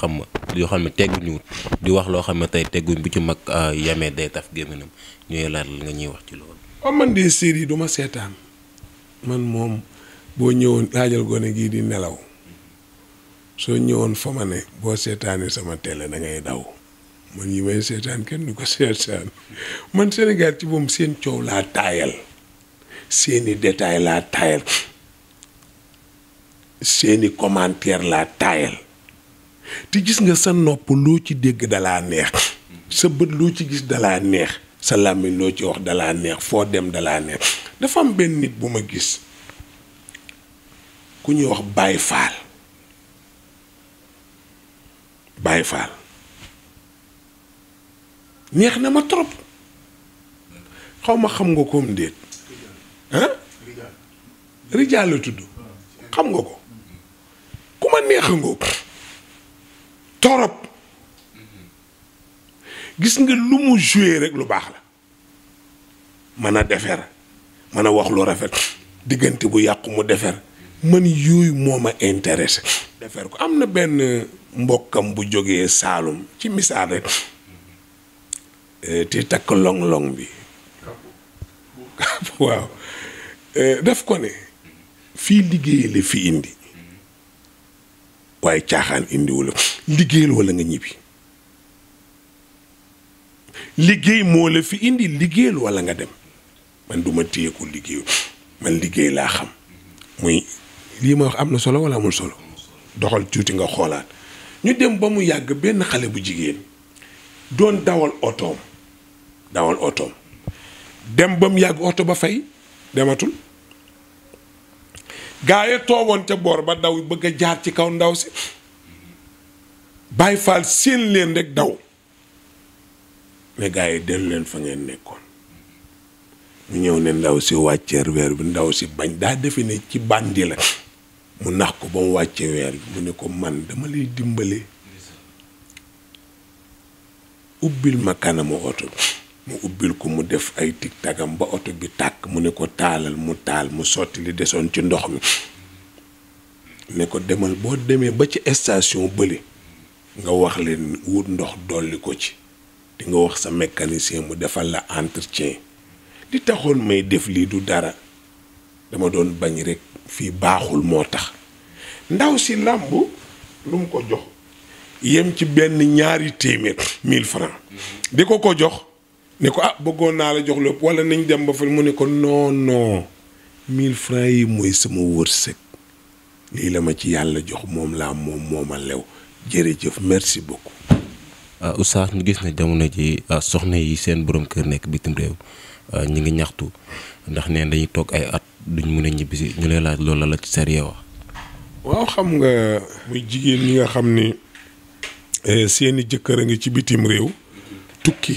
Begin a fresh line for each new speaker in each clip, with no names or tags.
xam ma yoo xam ne tegguñu wut di wax loo xam ne tey tegguñ bu ci mag ah, yamee day taf gémminam ñooy laal nga ñuy wax ci loolu.
waaw man de série du ma seetaan man moom boo ñëwoon laajal gone gii di nelaw soo ñëwoon fa ma boo seetaanee sama télé da daw man yi may seetaan kenn du ko seetaan man Sénégal ci moom seen coow laa taayal seeni détail laa taayal seeni commentaire laa taayal. te gis nga sa nopp loo ci dégg dalaa neex sa bët lu ci gis dalaa neex sa làmmiñ loo ci wax dalaa neex foo dem dalaa neex dafa am benn nit bu ma gis ku ñuy wax Baye Fall Baye Fall neex na ma trop xaw ma xam nga koom déet ah tudd xam nga ko ku ma neex a ngoog torop gis nga lu mu joué rek lu baax la mën a defer mën a wax lu rafet diggante bu yàqu mu defer man yooyu moo ma intéressé defer ko am na benn mbokkam bu jógee Saalum ci misaal rek eh, te takk long-long bi waaw eh, daf ko ne fii liggéey la fi indi waaye caaxaan indiwula liggéeyal wala nga ñibbi liggéey moo la fi indi liggéeyal wala nga dem man du ma téye ko liggéey man liggéey laa xam muy lii ma wax am na solo wala amul solo doxal tuuti nga xoolaat ñu dem ba mu yàgg benn xale bu jigéen doon dawal otoom dawal otoom dem ba mu yàgg oto ba fay dematul gaa yi toogoon ca boor ba daw bëgg a jaar ci kaw ndaw si Baay Faal seen leen rekk daw mais gaa yi dellu leen fa ngeen nekkoon mu ñëw ne ndaw si wàccee weer bi ndaw si bañ daa defe ne ci bàndi la mu nax ko ba mu wàccee weer bi mu ne ko man dama lay dimbale ubbil ma kanamu oto bi mu ubbil ko mu def ay tig tagam ba oto bi tàkk mu ne ko taalal mu taal mu sotti li desoon ci ndox mi ne ko demal boo demee ba ci station bële nga wax leen wut ndox dolli ko ci dinga wax sa mécanicien mu defal la entretien li taxoon may def lii du dara dama doon bañ rekk fii baaxul moo tax ndaw si làmb lu mu ko jox yem ci benn ñaari téeméer mille francs di ko ko jox ne ko ah bëggoon naa la jox lépp wala nañ dem ba fa mu ne ko non non mille yi mooy sama wërsëg lii la ma ci yàlla jox moom laa moom mooma lew jërëjëf merci beaucoup.
Ah, oustaz ñu gis ne jamono ji ah, soxna yi seen borom kër nekk bitim réew ah, ñu ngi ñaxtu ndax ne dañuy toog ay at duñ mën a ñibbisi ñu lay laaj lool la ci sariya wax.
waaw xam nga muy jigéen ñi nga xam ni eh, seeni jëkkër a ngi ci bitim réew tukki.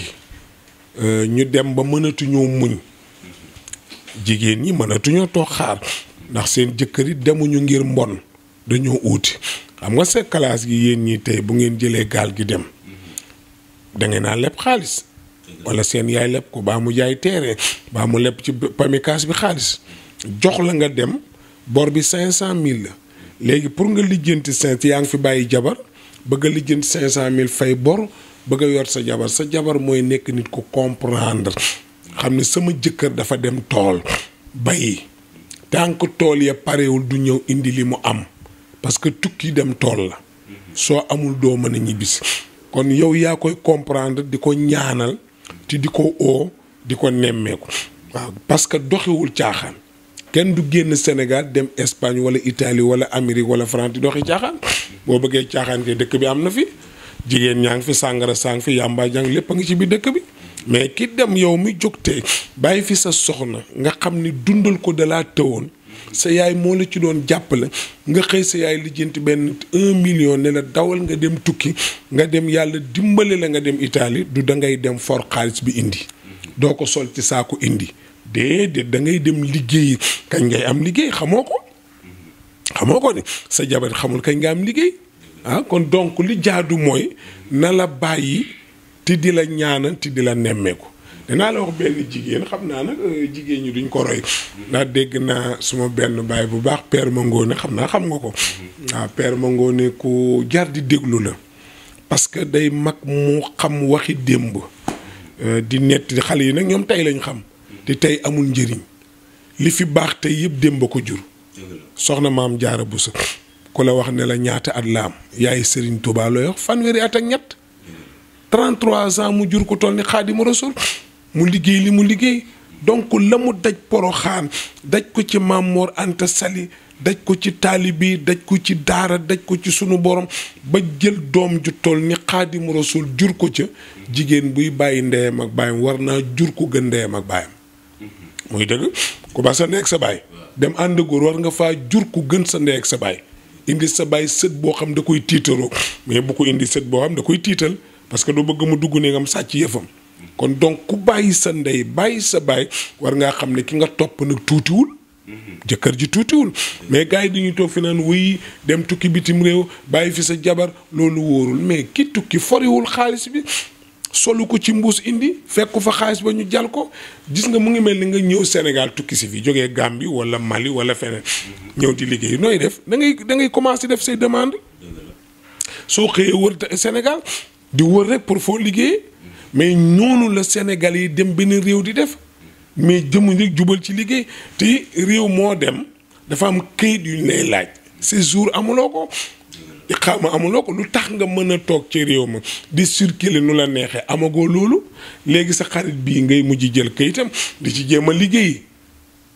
Euh, ñu dem ba mënatuñoo muñ jigéen ñi mënatuñoo toog xaar ndax seen jëkkër yi demuñu ngir mbon dañoo uuti xam nga sa classe gi yéen ñi tey bu ngeen jëlee gaal gi dem dangeen ngeen naa leb xaalis wala seen yaay leb ko baa mu jaay teere baa mu leb ci pamikaas bi xaalis jox la nga dem bor bi cinq cent mille la léegi pour nga lijjanti cinq yaa ngi fi bàyyi jabar bëgg a lijjanti cinq cent mille fay bor bëgg yor sa jabar sa jabar mooy nekk nit ku comprendre xam ne sama jëkkër dafa dem tool bayi tànk tool ya parewul du ñëw indi li mu am parce que tukki dem tool la soo amul doo mën a ñibbisi kon yow yaa koy comprendre di ko ñaanal te di ko oo di ko nemmeeku waaw parce que doxiwul caaxaan kenn du génn Sénégal dem Espagne wala Italie wala Amérique wala France di doxi caaxaan boo bëggee caaxaan kay dëkk bi am na fi jigéen ñaa ngi fi sàngara sang fi yàmbaa jàng lépp a ngi ci biir dëkk bi mais ki dem yow mi jógtee bàyyi fi sa soxna nga xam ni dundal ko dalaa tëwoon sa yaay moo la ci doon jàppale nga xëy sa yaay lijjanti benn un million ne la dawal nga dem tukki nga dem yàlla dimbale la nga dem Italie du dangay dem for xaalis bi indi doo ko sol ci saako indi déedéet da ngay dem liggéeyi kañ ngay am liggéey xamoo ko xamoo ko ni sa jabar xamul kañ nga am liggéey ah kon donc li jaadu mooy na la bàyyi ti di la ñaanal ti di la nemmeeku danaa la wax benn jigéen xam naa nag euh, jigéen ñi duñ ko roy ndax dégg naa suma benn baay bu baax père Mangone xam naa xam nga ko waaw ah, père Mangone ku jar di déglu la parce que day mag mu xam waxi démb euh, di nett xale yi nag ñoom tey lañ xam di tey amul njëriñ li fi baax tey yëpp démb ko jur soxna maam jaara bu sa ku la wax ne la ñaata at la am yaay Serigne Touba looy wax fanweeri at ak ñett 33 ans mu jur ko toll ni Xaadimu Rasuul mu liggéey li mu liggéey donc la mu daj poroxaan daj ko ci Mamor Anta Sali daj ko ci taalibi daj ko ci daara daj ko ci sunu borom ba jël doom ju toll ni Xaadimu Rasuul jur ko ca jigéen buy bàyyi ndeyam ak baayam war naa jur ko gën ndeyam ak baayam muy dëgg ku ba sa ndey ak sa baay dem ànd góor war nga faa jur ko gën sa ndey ak sa baay indi sa bàyyi sët boo xam da koy tiitaroo mais bu ko indi sët boo xam da koy tiital parce que doo bëgg mu dugg néegam sàcc yëfam kon donc ku bàyyi sa ndey bàyyi sa baay war ngaa xam ne ki nga topp nag tuutiwul jëkkër ji tuutiwul mais gars yi dañuy toog fi naan wuy dem tukki bitim réew bàyyi fi sa jabar loolu wóorul mais ki tukki foriwul xaalis bi solu ko ci mbuus indi fekk fa xaalis ba ñu jal ko gis nga mu ngi mel ni nga ñëw Sénégal tukki si fi jógee Gambie wala Mali wala feneen ñëw di liggéey nooy def da ngay da ngay commencé def say demande soo xëyee wër Sénégal di wër rek pour foo liggéey mais noonu la Sénégal yi dem benn réew di def mais jëmuñ jubal ci liggéey te réew moo dem dafa am këyit yu ñu lay laaj séjour amuloo ko xaw ma amuloo ko lu tax nga mën a toog ci réew ma di circuler nu la neexee amagoo loolu léegi sa xarit bii ngay mujj jël kayitam di ci jéem a liggéey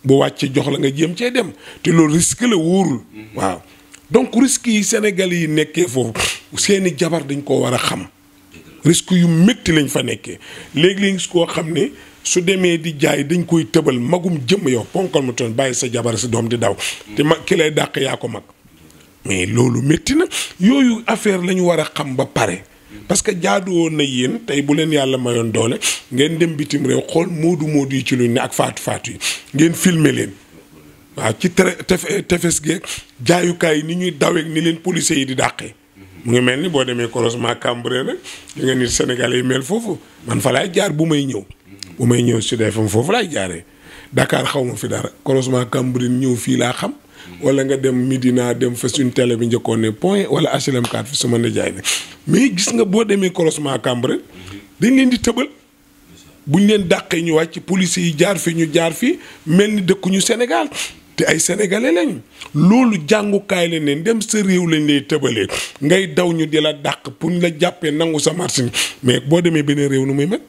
bu wàccee jox la nga jéem cee dem te loolu risque la wóorul mhm. waaw donc risque yi Sénégal yi nekkee foofu seeni jabar dañ koo war a xam risque yu métti lañ fa nekkee léegi lañ gis koo xam ne su demee di jaay dañ koy tëbal magum jëm yow ponkal mu toon bàyyi sa jabar si doom di daw mhm. te mag ki lay dàq yaa ko mag mais loolu métti na yooyu affaire la ñu war a xam ba pare parce que jaadu na yéen tey bu leen yàlla mayoon doole ngeen dem bitim réew xool moodu moodu yi ci luñ ne ak faatu faatu yi ngeen filmer leen waaw ci tefes geeg jaayukaay yi ni ñuy daweeg ni leen policiers yi di dàqee mu ngi mel ni boo demee croisement Cambérène rek li nga nit sénégalais mel foofu man fa laay jaar bu may ñëw bu may ñëw Sud FM foofu laay jaaree dakaar xaw ma fi dara croisement Cambérène ñëw fii laa xam wala nga dem Medina dem fa suñ télé bi njëkkoon ne point wala HLM 4 fi su ma ne jaay ne gis nga boo demee croisement Cambérène dañ leen di tëbal buñ leen dàqee ñu wàcc policiers yi jaar fi ñu jaar fi mel ni dëkkuñu Sénégal te ay sénégalais lañ loolu jàngukaay lañ leen dem sa réew lañ lay tëbalee ngay daw ñu di la dàq pour ñu la jàppee nangu sa marché mais boo demee beneen réew nu muy mel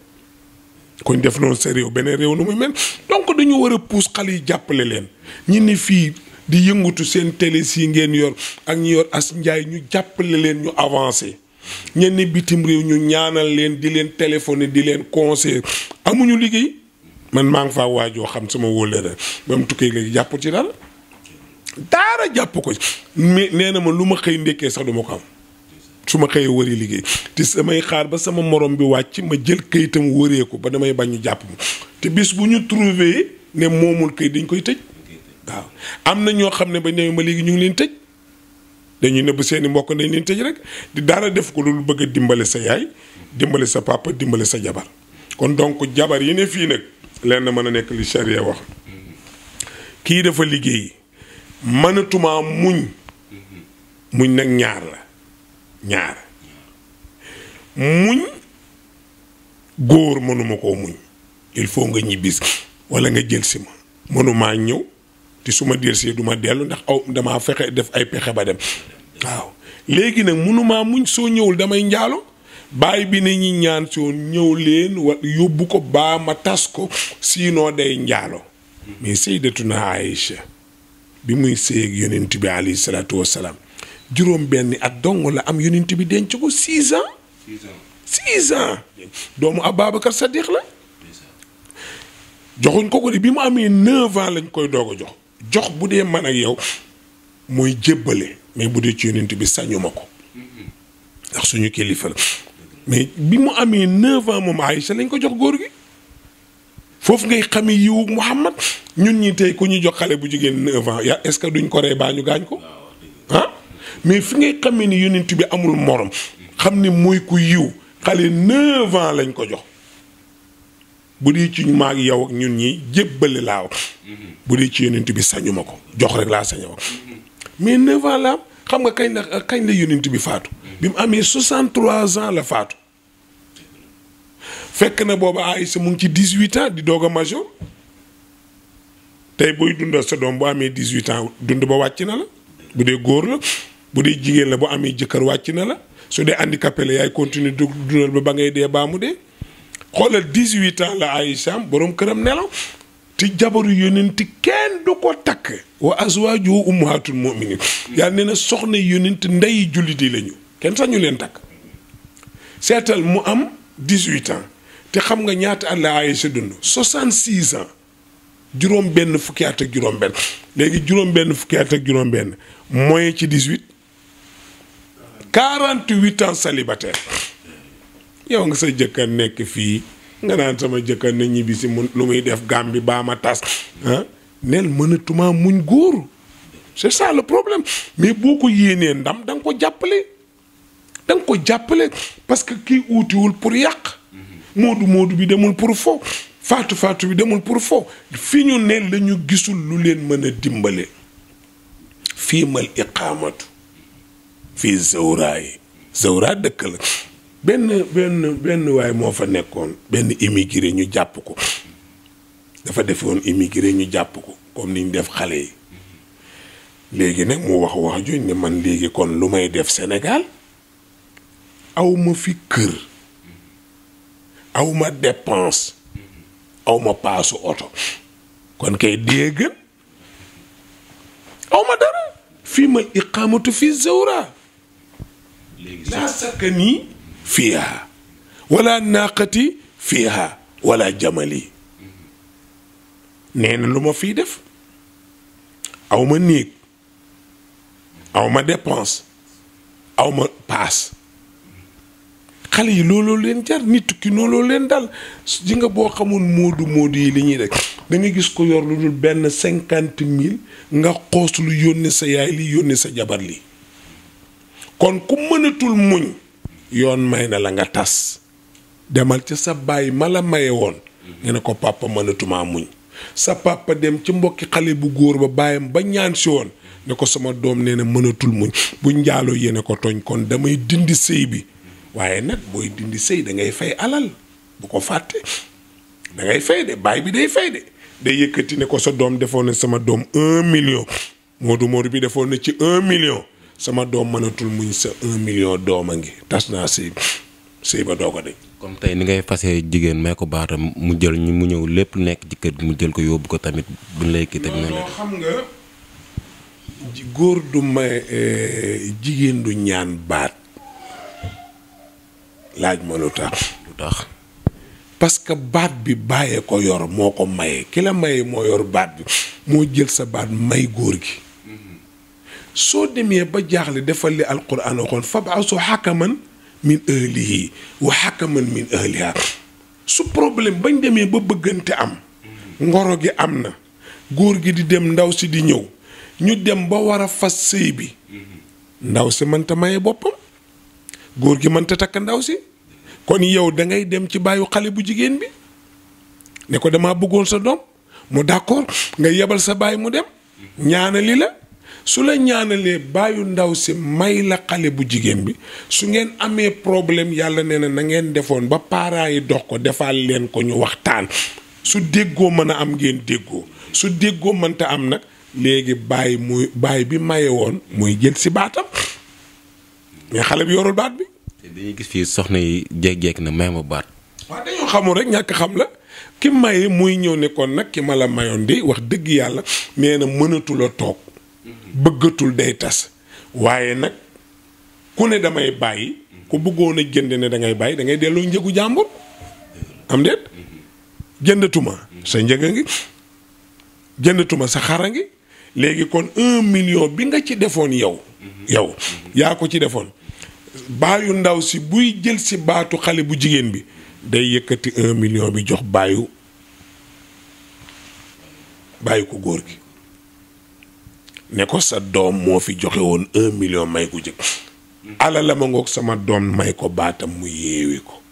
kon def loolu sa réew beneen réew nu muy mel donc dañu war a pousse xale yi jàppale leen ñi ne fii. di yëngutu seen télé yi ngeen yor ak ñu yor as njaay ñu jàppale leen ñu avancé ñenn bitim réew ñu ñaanal leen di leen téléphoné di leen conseil amuñu liggéey man maa ngi faa waajoo xam sama wóllëre ba mu tukkee léegi ci dara daara jàpp ko nee na ma lu ma xëy ndekkee sax du ma ko su ma xëyee wëri liggéey te samay xaar ba sama morom bi wàcc ma jël këyitam wëree ko ba damay bañ ñu jàpp ma te bis bu ñu trouvé ne moomul këyit dañ koy tëj. waaw am na ñoo xam ne ba néew ma léegi ñu ngi leen tëj dañuy nëbb seeni mbokk dañ leen tëj rek di dara def ko lu loolu bëgg a dimbale sa yaay dimbale sa papa dimbale sa jabar kon donc jabar yi ne fii nag lenn mën a nekk li charia wax kii dafa liggéey mënatumaa muñ muñ nag ñaar la ñaar muñ góor mënuma koo muñ il faut nga ñibbis wala nga jël si ma mënuma ñëw te su ma dellusee dellu ndax aw damaa fexe def ay pexe ba dem waaw léegi nag mënumaa muñ soo ñëwul damay njaalo baay bi ne ñi ñaan soo ñëw leen wa yóbbu ko baa ma tas ko sinon day njaalo mais Sayyidatuna Aïcha bi muy séyeg yonent bi alayhi salaatu at dong la am yonent bi denc ko doomu Ababacar Sadiq la joxuñ ko ko de bi mu amee neuf lañ koy doog jox jox bu dee man ak yow mooy jébbale mais bu dee ci yonent bi sañu ma ko ndax suñu kilifa la mais bi mu amee neuf ans moom Aïcha lañ ko jox góor gi foofu ngay xame yiwu Muhammad ñun ñi tey ku ñu jox xale bu jigéen neuf ans yaa est-ce que duñ ko rey baa ñu gaañ ko ah mais fi ngay xamee ni yonent bi amul morom xam ni mooy ku yiw xale neuf lañ ko jox bu dee ci ñu maag yow ak ñun ñi jébbale laa wax bu dee ci yonent bi sañu ma ko jox rek laa sañoo mais neuf ans xam nga kañ la kañ la yonent bi faatu bi mu amee 63 ans la faatu fekk na booba Aïssa mu ngi ci 18 ans di doog a major tey booy dundal sa doom bu amee 18 ans dund ba wàcc na la bu dee góor la bu dee jigéen la bu amee jëkkër wàcc na la su dee handicapé la yaay continuer dundal bi ba ngay dee baa mu dee xoolal 18 ans la ay Aïcha boroom këram nelaw te jabaru yonent kenn du ko takk wa azwaaju ummahatul mu'minin yàlla nee na soxna yonent ndey jullit yi lañu kenn sañu leen takk seetal mu am 18 ans te xam nga ñaata at la Aïcha dund 66 ans juróom benn fukki at ak juróom benn léegi juróom benn fukki at ak juróom mooy ci 18 48 ans célibataire yow nga sa jëkkër nekk fii nga naan sama jëkkër na ñibbi si mun lu muy def gàm bi baa ma tas mën ah, a mënatuma muñ góor c'est ça le problème mais boo ko yéenee ndam da ko jàppale da ko jàppale parce que kii uutiwul pour yàq moodu moodu bi demul pour fo faatu faatu bi demul pour fo fi ñu ne lañu gisul lu leen mën a dimbale fii mal iqaamatu fii zawraa yi zawraa dëkk la benn benn benn waay moo fa nekkoon benn immigré ñu jàpp ko dafa defoon immigré ñu jàpp ko comme niñ def xale yi léegi nag mu wax wax juñ ne man léegi kon lu may def Sénégal awma fi kër awma dépense awma paasu oto kon kay dee gën awma dara fii ma iqaamatu fi zawra laa sakka nii fiiha wala naaqati fiiha wala jamali nee lu ma fiy def aw ma néeg awma ma dépense paas xale yi looloo leen jar nit tukki nooloo leen dal ji nga boo xamoon moodu moodu yi li ñuy def da gis ko yor lu dul benn cinquante mille nga xoos lu yónni sa yaay li yónni sa jabar li kon ku mënatul muñ yoon may na la nga tas demal ca sa baay ma la maye woon nga ne ko papa mënatuma muñ sa papa dem ci mbokki xale bu góor ba baayam ba ñaan si woon ne ko sama doom nee na mënatul muñ bu njaaloo yéene ko toñ kon damay dindi sëy bi waaye nag booy dindi sëy da ngay fay alal bu ko fàtte da ngay fay de baay bi day fay de day yëkkati ne ko sa doom defoon na sama doom un million Modou Modou bi defoon na ci un million sama doom mënatul muñ sa un million doom a ngi tas naa sëy sëy ba doo ko deñ
comme tey ni ngay fase jigéen may ko baatam mu jël ñu mu ñëw lépp nekk ci kër gi mu jël ko yóbbu ko tamit buñ lay kii tamit. non
xam nga góor du may eh, jigéen du ñaan baat laaj ma lu tax lu tax parce que baat bi bàyyee ko yor moo ko maye ki la maye moo yor baat bi moo jël sa baat may góor gi. soo demee ba jaaxle defal li alquran waxoon fab'asu xakaman min ahlihi wa xakaman min ahliha su problème bañ demee ba bëggante am ngoro gi am na góor gi di dem ndaw si di ñëw ñu dem ba war a fas sëy bi ndaw si mënta maye boppam góor gi mënta takk ndaw si kon yow dangay dem ci bàyyu xale bu jigéen bi ne ko dama bëggoon sa doom mu d'accord nga yebal sa baay mu dem ñaanali la su la ñaanalee bàyyu ndaw si may la xale bu jigéen bi su ngeen amee problème yàlla nee na na ngeen defoon ba parents yi dox ko defaal leen ko ñu waxtaan su déggoo mën a am ngeen déggoo su déggoo mënta am nag léegi baay muy baay bi maye woon muy jël si baatam mais xale bi yorul baat bi.
te dañuy gis fii soxna yi jékki na may ma baat.
waaw dañoo xamul rek ñàkk xam la ki maye muy ñëw ne kon nag ki ma la mayoon de wax dëgg yàlla nee na mënatu toog. bëggatul day tas waaye nag ku ne damay bàyyi ku bëggoon a jënd ne da bàyyi da ngay delloo njëgu jàmbur am déet jëndatuma sa njëg a ngi jëndatuma sa xar ngi léegi kon un million bi nga ci defoon yow yow yaa ko ci defoon baayu ndaw si buy jël si baatu xale bu jigéen bi day yëkkati un million bi jox baayu baayu ko góor gi ne ko sa doom moo fi joxe woon un million may ku jëkk ala ma ngoog sama doom may ko baatam mu yeewi ko